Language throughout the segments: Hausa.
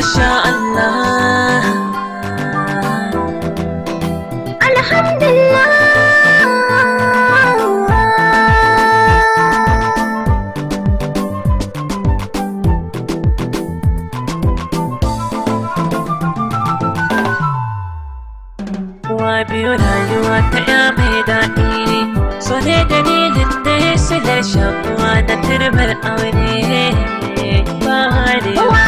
شاء الله الحمد لله وبيولا يوات يا ميدائي صلي دليل الناس لشاق وانا تربى الأوليه باري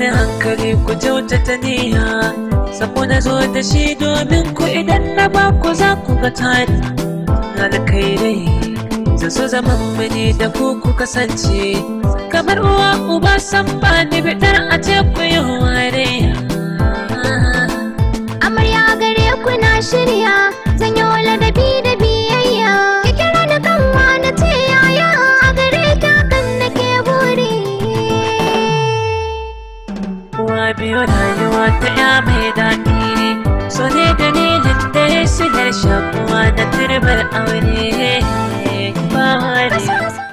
wani hankali ku kyautata niya sabo na zo da shi domin ku idan na ba ku za ku ga tani alkhairai za su zama mini da ku ku kasance kamar uwa uba san ba ni a ce ku yi hware amarya gare ku na shirya biyo rayuwa ta ya mai daɗi so ne dalilin da ya shakuwa da turbar aure ba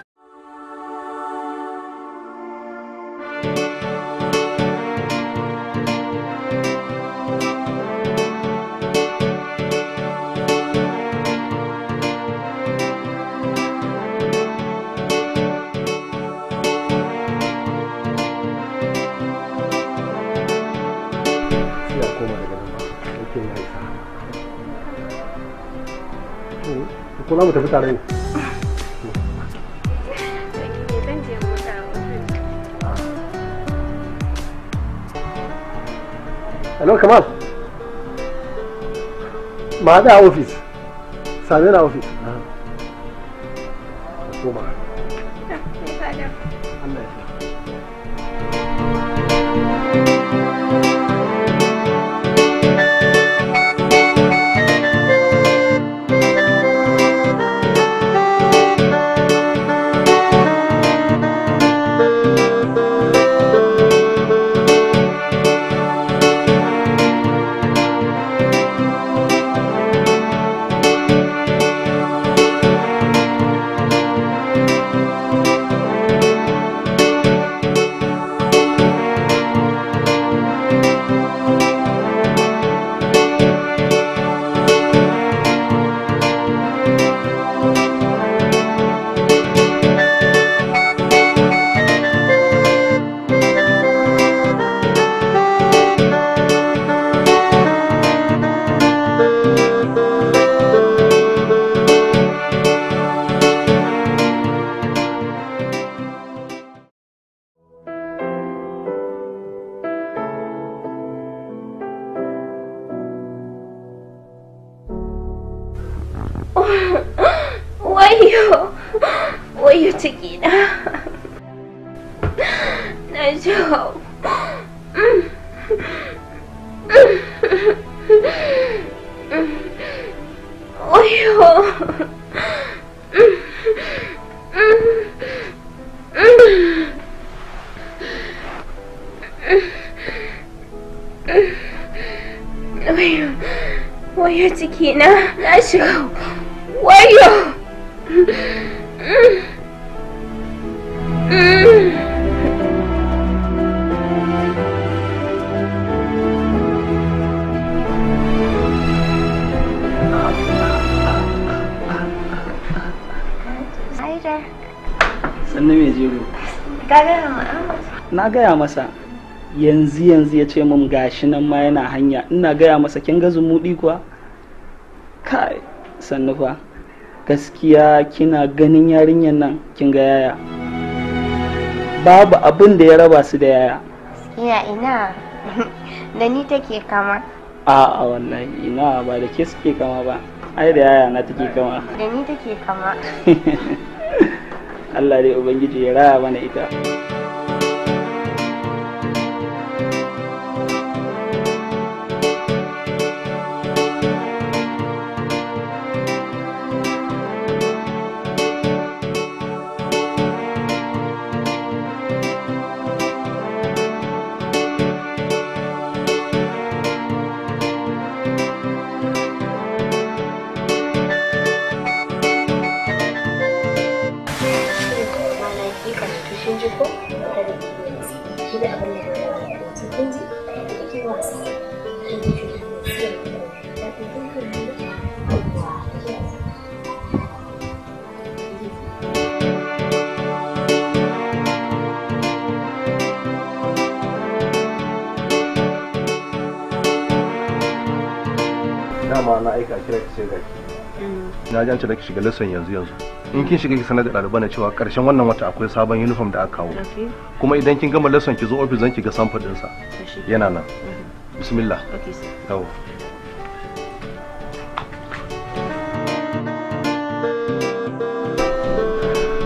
ko za mu tafi tare ne Hello, Kamal. Ma da office. Same na ofis. wayo cikina na shiga wayo na gaya masa yanzu yanzu ya ce mun gashi nan ma yana hanya ina gaya masa kin ga zumuɗi kuwa sannufa gaskiya kina ganin yarinyar nan kin ga yaya babu abin da ya raba su da yaya ya ina da ni take kama a'a wallahi ina ba da ke suke kama ba ai da yaya na take kama da ni take kama Allah dai ubangiji ya raya mana ita 那嘛，那一个直接说的。嗯，那咱直接说，那个生意还是有子。in kin shiga ki sanar da ɗaliban na cewa ƙarshen wannan wata akwai sabon uniform da aka kawo kuma idan kin gama lesson ki zo office zan ki ga sample sa yana nan mhm. bismillah yawo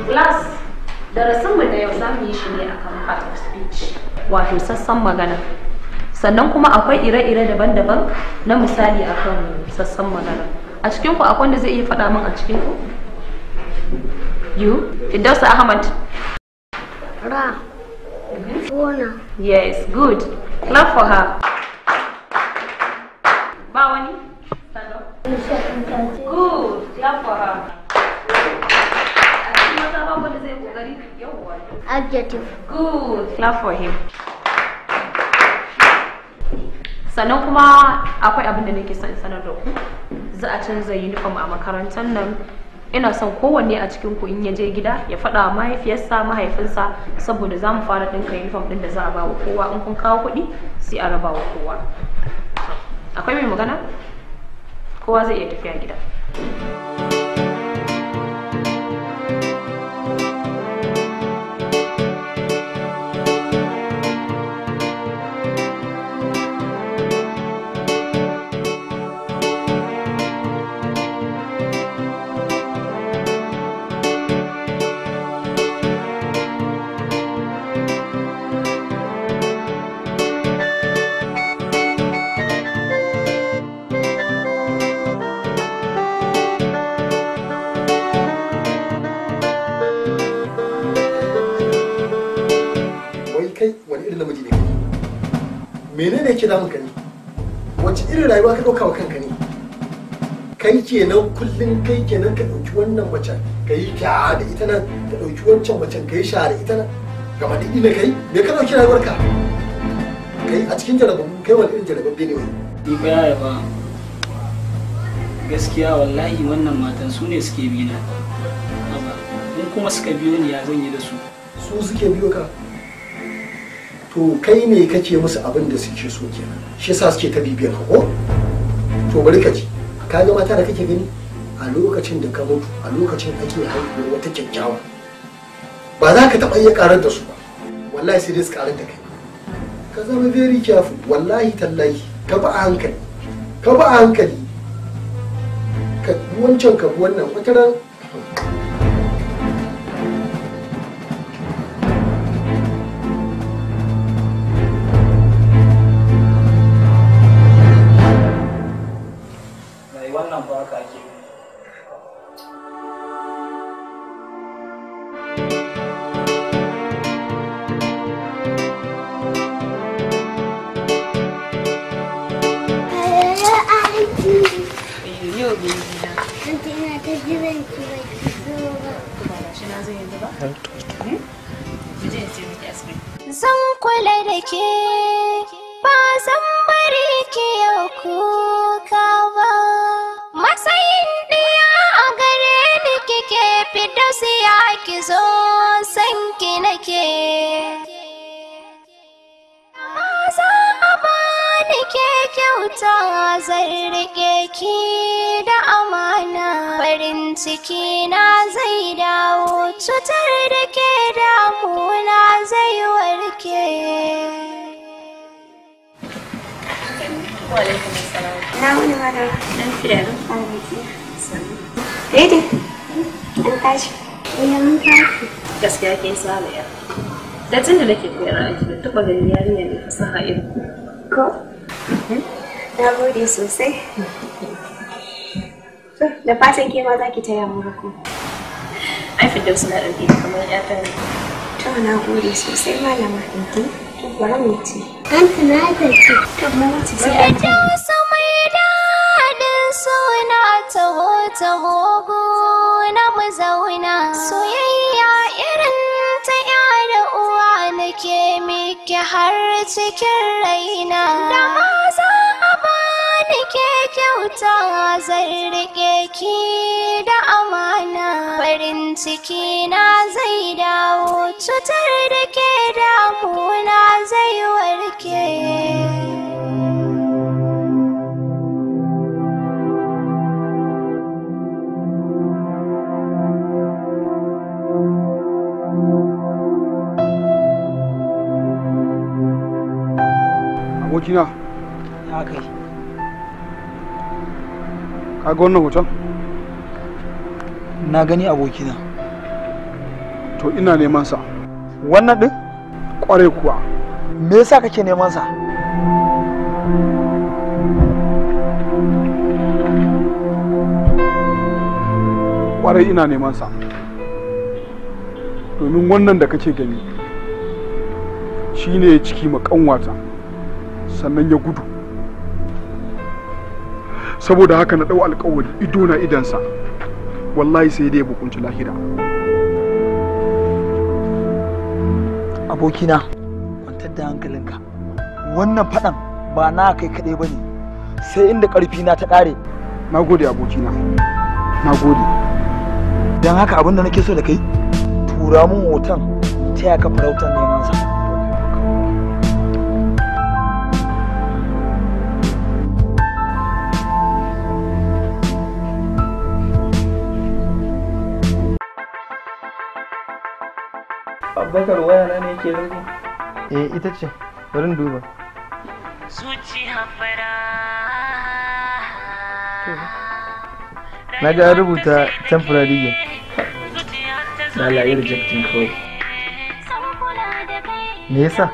class mu da yau za mu yi shi ne akan part of speech wato sassan magana sannan kuma akwai ire-ire daban-daban na misali akan sassan magana a cikin ku akwai wanda zai iya faɗa min a cikin ku. You? Fidosa Ahmad. Ra. Bona. Yes, good. Clap for her. Bawani. Good. Clap for her. Adjective. Good. Clap for him. sannan kuma akwai abin da nake son sanar da ku za a canza uniform a makarantar nan ina son kowanne a cikin ku in ya je gida ya faɗa wa mahaifiyarsa mahaifinsa saboda za mu fara ɗinka uniform ɗin da za a ba wa kowa in kun kawo kuɗi sai a raba wa kowa akwai mai magana kowa zai iya tafiya gida irin namiji ne kai menene yake damun ka ne wace irin rayuwa ka ɗauka wa kanka ne kai kenan kullun kai kenan ka ɗauki wannan macen ka yi kya da ita nan ka ɗauki wancan macen ka yi sha da ita nan gama duk ina kai me ka ɗauki rayuwar ka kai a cikin jarabun kai wani irin jarabun ne wai ni ba ya ba gaskiya wallahi wannan matan su ne suke bi na in kuma suka biyo ni ya zan yi da su su suke biyo ka to kai ne ce musu abin da suke so kenan shi yasa suke ta bibiyar ka ko to bari ka ji ka ga mata da kake gani a lokacin da ka mutu a lokacin ake haihuwa wata kyakkyawa ba za ka taɓa iya karar da su ba wallahi sai dai su karar da kai ka zama very careful wallahi tallahi ka ba a hankali ka ba a hankali ka wancan ka wannan wata ran haka Zan kula da ke ba zan bari ke yau kuka ba. zo san ki nake za a bani ke kyauta zan rike ki da amana farin ciki na zai dawo cutar da ke damuna zai warke Na wani Daidai. tashi. Idan tashi. Gaskiya kin samu ya. Da tun da nake koyar aiki da taɓa ganin yarinya mai fasaha irin. Ko? Hmm? Na gode sosai. Da fatan ke ma za ki taya mu hako. Ai fi dausu na ɗauke kamar ya ta To na gode sosai malama. Mhm. To bari mu ci. An tana da ki. To mu ci sai an ta. Ka ji wasu mai daɗin suna taho taho na mu zauna soyayya irin ta da uwa nake miki har cikin raina da ma za a bani ke kyauta zan riƙe ki da amana farin ciki na zai dawo cutar da ke damuna zai warke abokina ya kai ka ga wannan hoton na gani abokina to ina neman sa wannan din kwarai kuwa me yasa kake neman sa kwarai ina neman sa domin wannan da kake gani shine ya ciki ma kanwata sannan ya gudu saboda haka na ɗau alkawari ido na idansa wallahi sai dai bukunci lahira abokina kwantar da hankalinka wannan faɗan ba na kai kaɗai ba ne sai inda ƙarfi na ta ƙare na gode abokina na gode don haka abin da nake so da kai tura mun hoton ta yaka farautar ne abubakar waya na ne yake rinko eh ita ce bari duba suci hafara na ga rubuta temporary game na layar rejectin kawai me yasa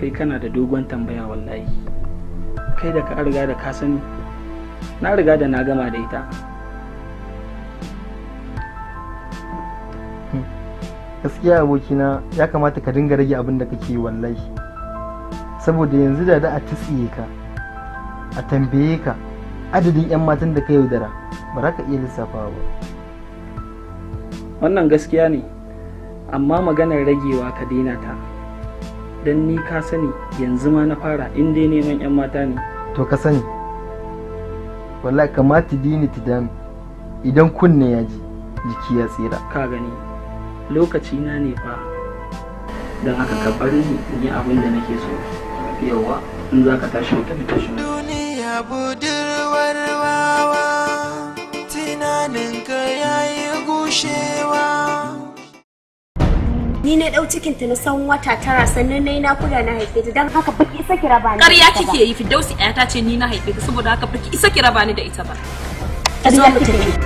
kai kana da dogon tambaya wallahi kai da ka riga da ka sani na riga da na gama da ita gaskiya abokina ya kamata ka dinga rage abin da kake wallahi saboda yanzu da da a tsiye ka a tambaye ka adadin 'yan matan da ka yaudara ba za ka iya lissafa ba wannan gaskiya ne amma maganar ragewa ka daina ta don ni ka sani yanzu ma na fara in dai neman 'yan mata ne to ka sani wallahi kamata dini tidami idan kunne ya ji jiki ya tsira ka gani lokaci na ne fa don haka ka bari yi abin da nake so yawa in za ka tashi ka tashi duniya budurwar wawa tunaninka ya yi gushewa ni na cikin ta na san wata tara sannan na yi na haife ta don haka baki isa kira ba ƙarya kike yi fiddausi ɗaya ta ce ni na haife ta saboda haka baki isa kira ba ni da ita ba ƙarya kike yi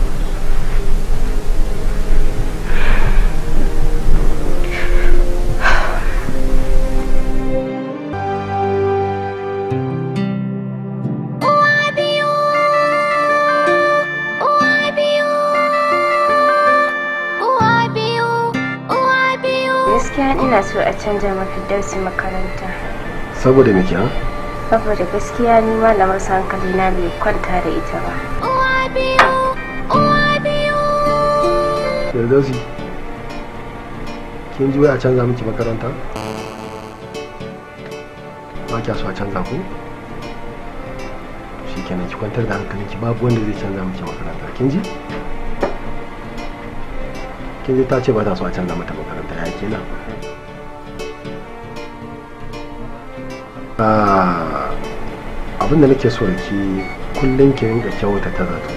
so a canza ma makaranta. Saboda me kenan? Saboda gaskiya ni malamar hankali na bai kwanta da ita ba. Uwa biyu, uwa biyu. Firdausi, kin ji wai a canza miki makaranta? Ba kya so a canza ku? Shi kenan ki kwantar da hankalinki babu wanda zai canza miki makaranta, kin ji? kin ji ta ce ba ta so a canza mata makaranta ya kenan Ah, abin da nake so da ki kullum ki rinka kyauta ta zato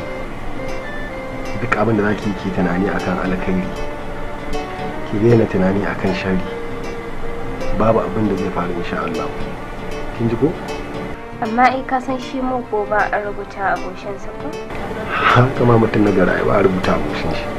duk abin da za ki ki tunani akan alkhairi ki daina tunani akan shari babu abin da zai faru insha Allah kin ji ko amma ai ka san shi mu ko ba a rubuta a goshin sa ko haka ma mutum na ga rayuwa a rubuta a goshin shi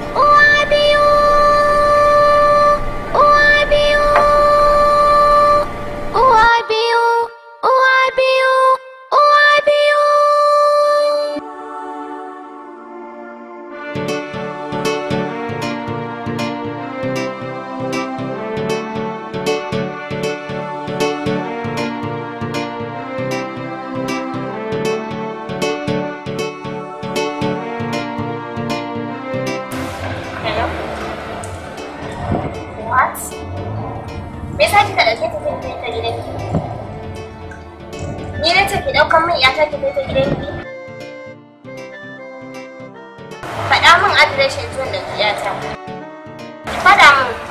faɗa min adireshin zuwan da ta. Faɗa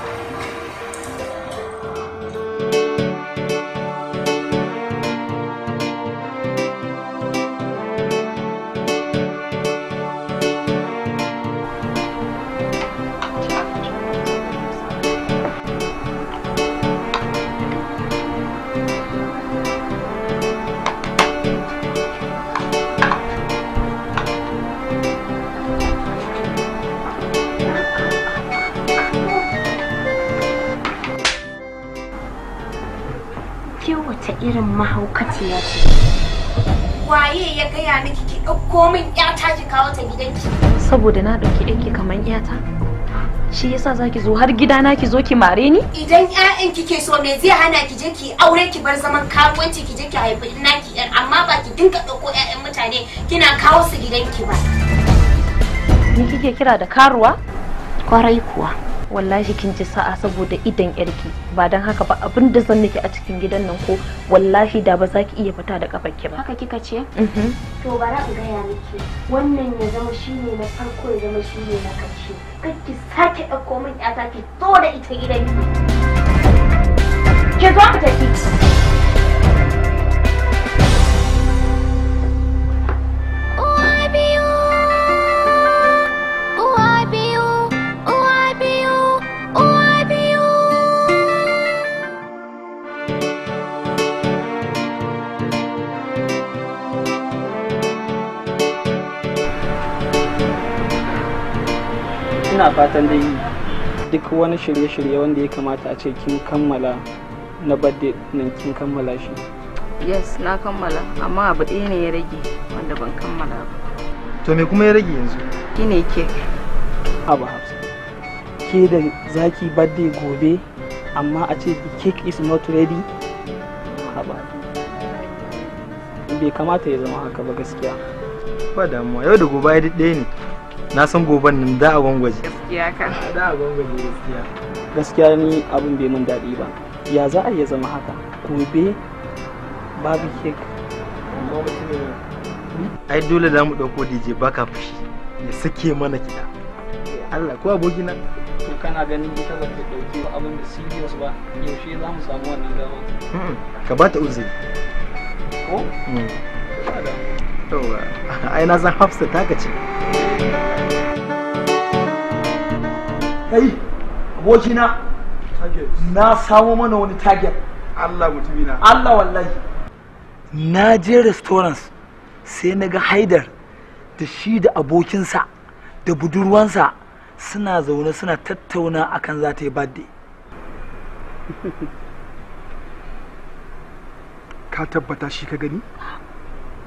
irin mahaukaciya ce waye ya gaya miki ki ɗauko min yata ki kawo ta gidanki saboda na ɗauki ɗanki kamar ƴata shi yasa zaki zo har gidana ki zo ki mare ni idan ƴaƴan ke so me zai hana ki je ki aure ki bar zaman karuwanci ki je ki haifi naki ƴan amma ba ki dinga ɗauko ƴaƴan mutane kina kawo su gidanki ba ni kike kira da karuwa kwarai kuwa wallahi kin ji sa'a saboda idan yarki ba don haka ba abin da zan nake a cikin gidan nan ko wallahi da ba za ki iya fita da kafarki ba haka kika ce mhm. to bara in gaya miki wannan ya zama shine na farko ya zama shine na karshe kar ki sake ɗauko min ƴata ki zo da ita gidan ki zo mu tafi ina fatan dai duk wani shirye-shirye wanda ya kamata a ce kin kammala na birthday nan kin kammala shi yes na kammala amma abu ɗaya ne ya rage wanda ban kammala ba to me kuma ya rage yanzu shine ke abu hafsa ke da zaki birthday gobe amma a ce the cake is not ready haba bai kamata ya zama haka ba gaskiya ba damuwa yau da gobe ya ɗaya ne na san goben nan da a gwangwaje gaskiya ka da gwangwaje gaskiya gaskiya ni abin bai mun daɗi ba ya za a iya zama haka gobe babu kek ai dole za mu ɗauko dj baka fushi ya sake mana kiɗa Allah ko na? to kana ganin ita ba ta ɗauki abin da serious ba yaushe za mu samu wannan dama ka ba ta uzuri ko mm. ai na san hafsa taka ce kai abokina na samo mana wani target Allah na Allah wallahi na je restaurants sai na ga haidar da shi da abokinsa da budurwansa suna zaune suna tattauna akan za ta yi birthday ka tabbata shi ka gani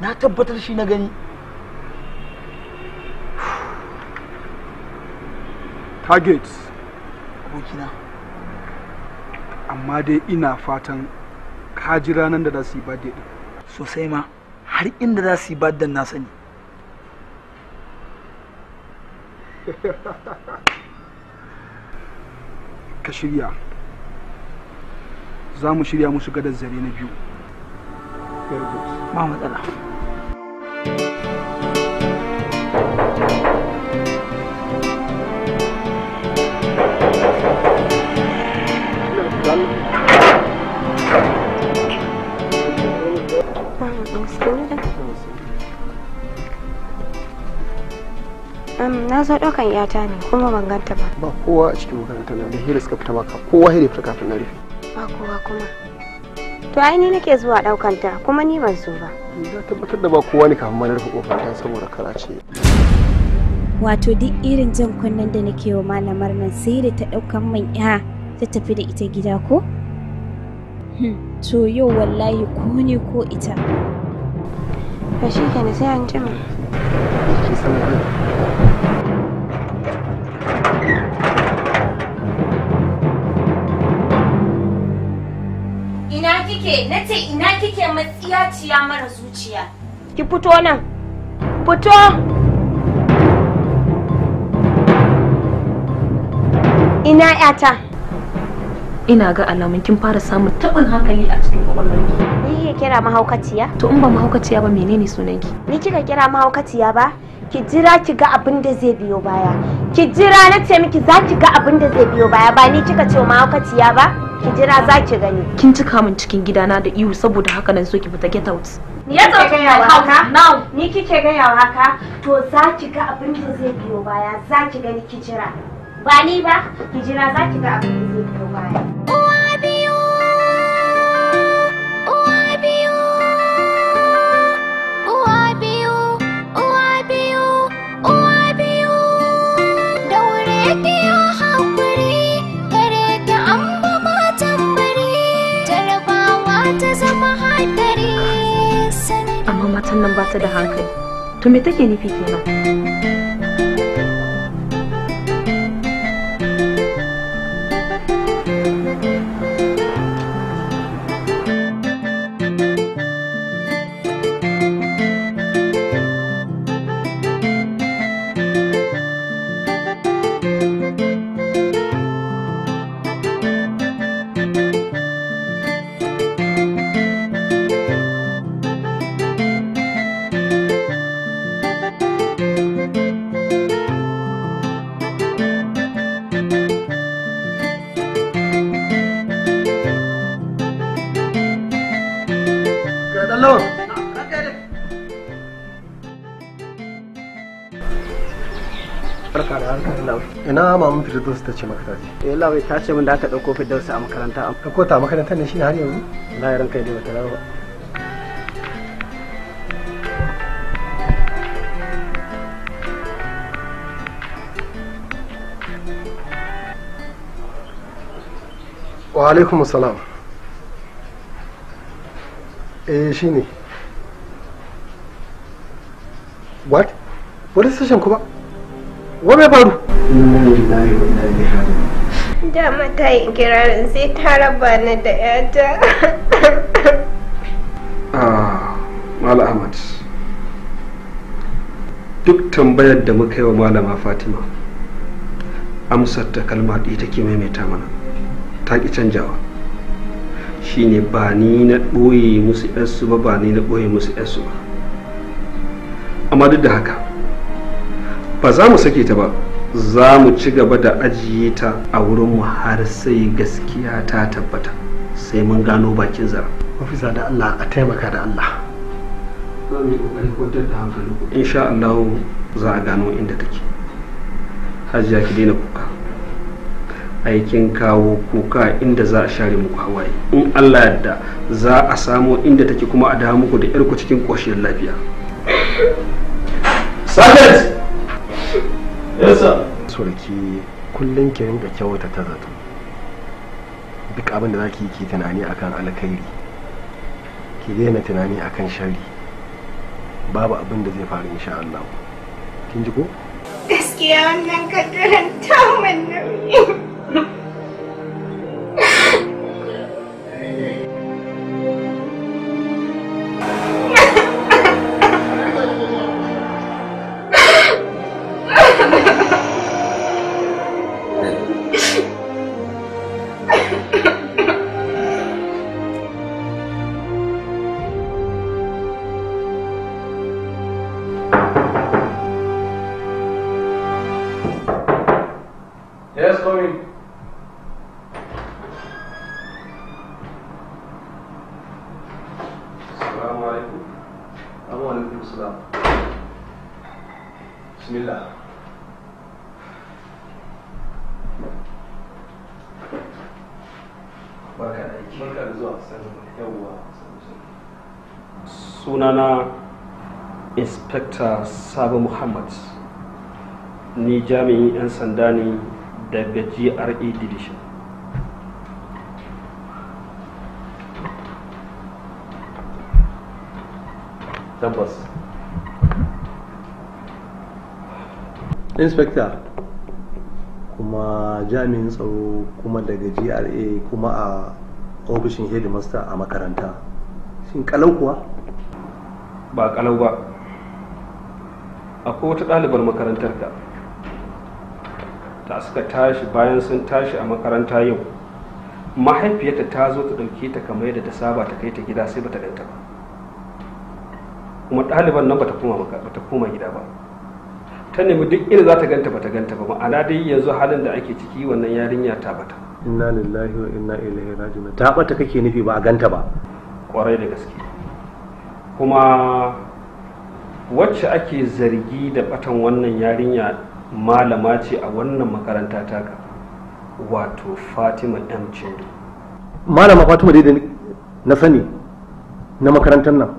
na tabbatar shi na gani target abokina amma dai ina fatan ka ji ranar da za su yi birthday din sosai ma har inda za su yi birthday na sani ka shirya za mu shirya musu gadar zare na biyu ba matsala na zo ɗaukan yata ne kuma ban ganta ba. Ba kowa a cikin makarantar nan da hira suka fita maka kowa hira fita kafin na rufe. Ba kowa kuma. To ai ni nake zuwa ɗaukan ta kuma ni ban so ba. Na tabbatar da ba kowa ne kafin mana rufe kofar ta saboda kara ce. Wato duk irin jan kunnen da nake wa malamar nan sai da ta ɗaukan man ya ta tafi da ita gida ko? Hmm, to yau wallahi ko ne ko ita. ba shi ke! sai an jima ina kike na ce ina kike matsiyaciya mara zuciya ki fito nan fito ina yata ina ga alamun kin fara samun tabin hankali a cikin kwakwalwarki ni ke kira mahaukaciya to in ba mahaukaciya ba menene sunanki ni kika kira mahaukaciya ba ki jira ki ga abin da zai biyo baya ki jira na ce miki za ki ga abin da zai biyo baya ba ni kika ce mahaukaciya ba ki jira za ki gani kin cika min cikin gidana da ihu saboda haka nan so ki fita get out ni ya zo ki haka now ni kike ga yawa haka to za ki ga abin da zai biyo baya za ki gani ki jira ba ni ba ki jira za ki ga abin da zai biyo baya uwa biyu uwa biyu uwa biyu uwa biyu uwa biyu ta an ba tambari jarabawa ta zama hadari amma matan nan ba ta da hankali to me take nufi kenan ina maman firdaus ta ce maka tace eh lawai ta ce min da aka dauko firdaus a makaranta an ka ta makaranta ne shine har yanzu na ran kai dai bata dawo ba wa alaikum salam eh shine what police station kuma wa bai faru inna lillahi wa inna ilaihi raji'un dama ta yi kirarin sai ta raba ni da yata ah mal ahmad duk tambayar da muka yi wa malama fatima amsar ta kalma ɗaya take maimaita mana ta ki canjawa shine ba ni na ɓoye musu yarsu ba ba ni na ɓoye musu yarsu ba amma duk da haka ba za mu sake ta ba za mu ci gaba da ajiye ta a wurinmu har sai gaskiya ta tabbata sai mun gano bakin zara Mafisa da allah a taimaka da allah za mu yi kwantar da hankali insha allah za a gano inda take hajiya ki daina kuka aikin kawo kuka inda za a share muku hawaye in allah yadda za a samo inda take kuma a dawo muku da yarku cikin koshiyar lafiya Sergeant! Yes, sir. so ke kullum ki rinka kyauta ta zato duk abin da za ki yi ki tunani akan alkhairi ki daina tunani akan shari babu abin da zai faru insha Allah kin ji ko gaskiya wannan kaddaren ta mun nauyi inspector sabo muhammad ni jami'in 'yan sanda ne daga gra division tabbas inspector kuma jami'in tsaro kuma daga gra kuma a ofishin headmaster a makaranta shin kalau kuwa ba kalau ba akwai wata ɗalibar makarantar ka ta suka tashi bayan sun tashi a makaranta yau mahaifiyarta ta zo ta ɗauke ta kamar yadda ta saba ta kai ta gida sai ba ta ganta ba kuma ɗaliban nan ba ta koma gida ba ta nemi duk inda za ta ganta ba ta ganta ba ma'ana dai yanzu halin da ake ciki wannan yarinya ta bata inna lillahi wa inna ilaihi raji'un ta bata kake nufi ba a ganta ba kwarai da gaske kuma wacce ake zargi da batan wannan yarinya malama ce a wannan makaranta taka wato fatima m chindu malama fatima dai da na sani na makarantar nan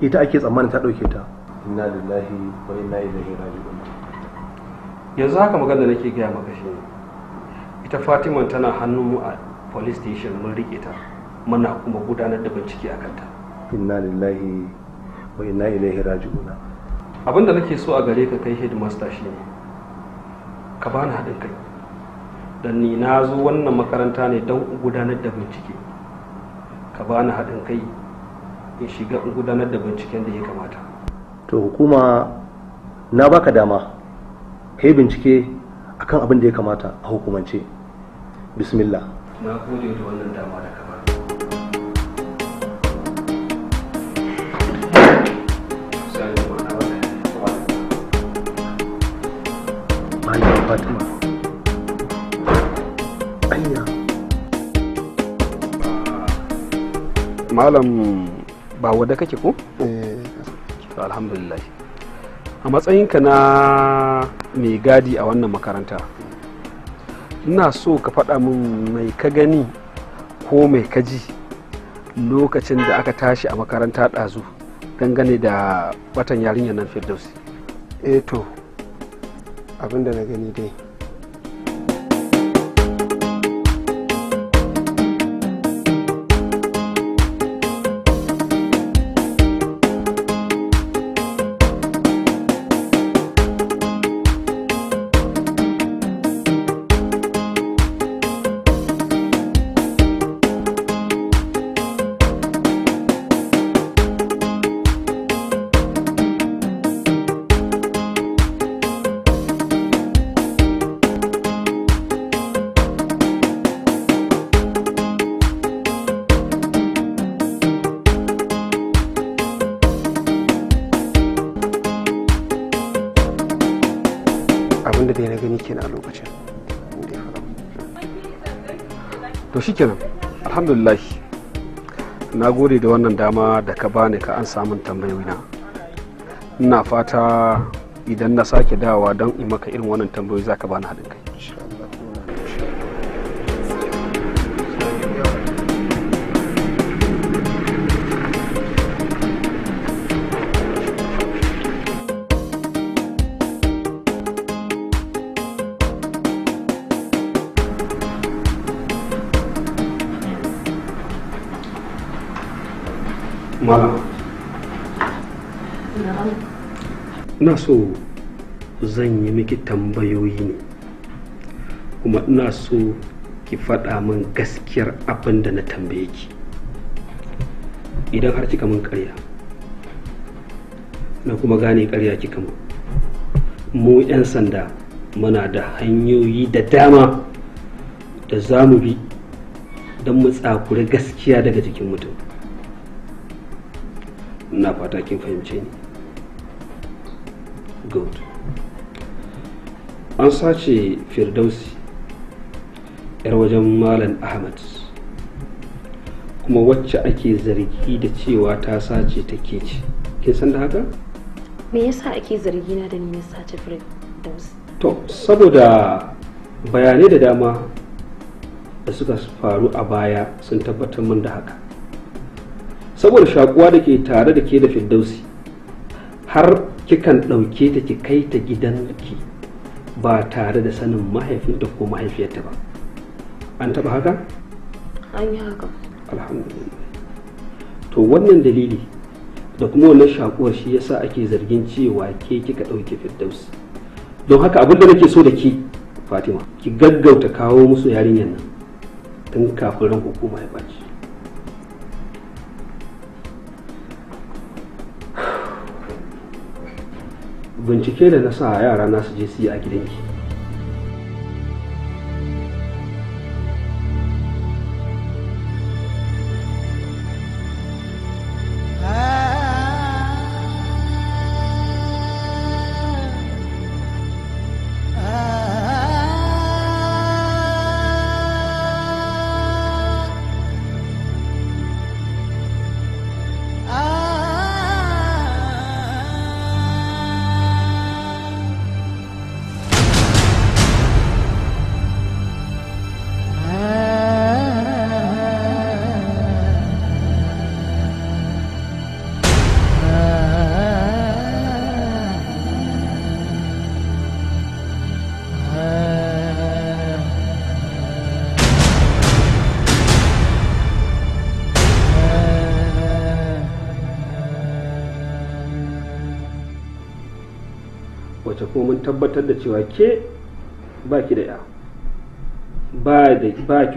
ita ake tsammanin ta ɗauke ta inna lillahi wa inna ilaihi raji'un yanzu haka magana nake gaya maka shi ita fatima tana hannun a police station mun rike ta muna kuma gudanar da bincike a kanta inna lillahi wa inna ilaihi raji'una abin da nake so a gare ka kai headmaster shi ne ka bani haɗin kai don ni na zo wannan makaranta ne don gudanar da bincike ka bani haɗin kai in shiga in gudanar da binciken da ya kamata to hukuma na baka dama kai bincike akan abin da ya kamata a hukumance bismillah na gode da wannan dama da fatima anya malam ba wadda kake ko? eh alhamdulillah a matsayinka na mai gadi a wannan makaranta ina so ka faɗa min mai ka gani ko mai ka ji lokacin da aka tashi a makaranta ɗazu dangane da watan yarinyar nan firdausi. eto eh abin da na gani dai shikenan alhamdulillah na gode da wannan dama da ka bani ka an samun tambayoyina ina fata idan na sake dawa don in maka irin wannan tambayoyi za ka bani haɗin kai ina so zan yi miki tambayoyi ne kuma ina so ki faɗa min gaskiyar abin da na tambaye ki idan har kika min ƙarya na kuma gane ƙarya kika mu mu 'yan sanda muna da hanyoyi da dama da za mu bi don mu tsakuri gaskiya daga jikin mutum na fata kin fahimce ni good an sace firdausi yar wajen malam ahmad kuma wacce ake zargi da cewa ta sace ta ke kin san da haka me yasa ake zargi na da ni na sace firdausi to saboda bayanai da dama da suka faru a baya sun tabbatar min da haka saboda shakuwa da ke tare da ke da firdausi har kikan ɗauke ta ki kai ta gidan ki ba tare da sanin mahaifinta ko mahaifiyarta ba an taɓa haka? an yi haka alhamdulillah to wannan dalili da kuma wannan shakuwar shi yasa ake zargin cewa ke kika ɗauke firdaus don haka abinda nake so da ki fatima ki gaggauta kawo musu yarinyar nan tun kafin ran hukuma ya baci bincike da na sa yara na su je su yi a gidanki kuma mun tabbatar da cewa ke ba ki da ya ba ki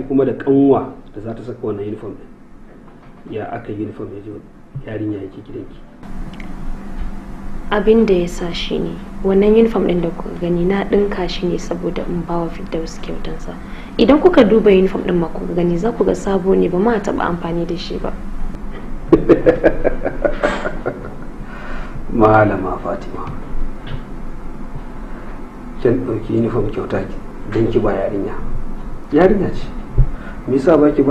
kuma da kanwa da za ta saka wannan uniform din ya aka yi uniform ya yarinya yake gidanki abin da ya sa shi ne wannan uniform din da kuka gani na dinka shi ne saboda in bawa fiddaus kyautansa idan kuka duba uniform din ma gani za ku ga sabo ne ba ma taba amfani da shi ba malama fatima kin ɗauki uniform kyauta dan ki ba yarinya yarinya ce me yasa ba ki ba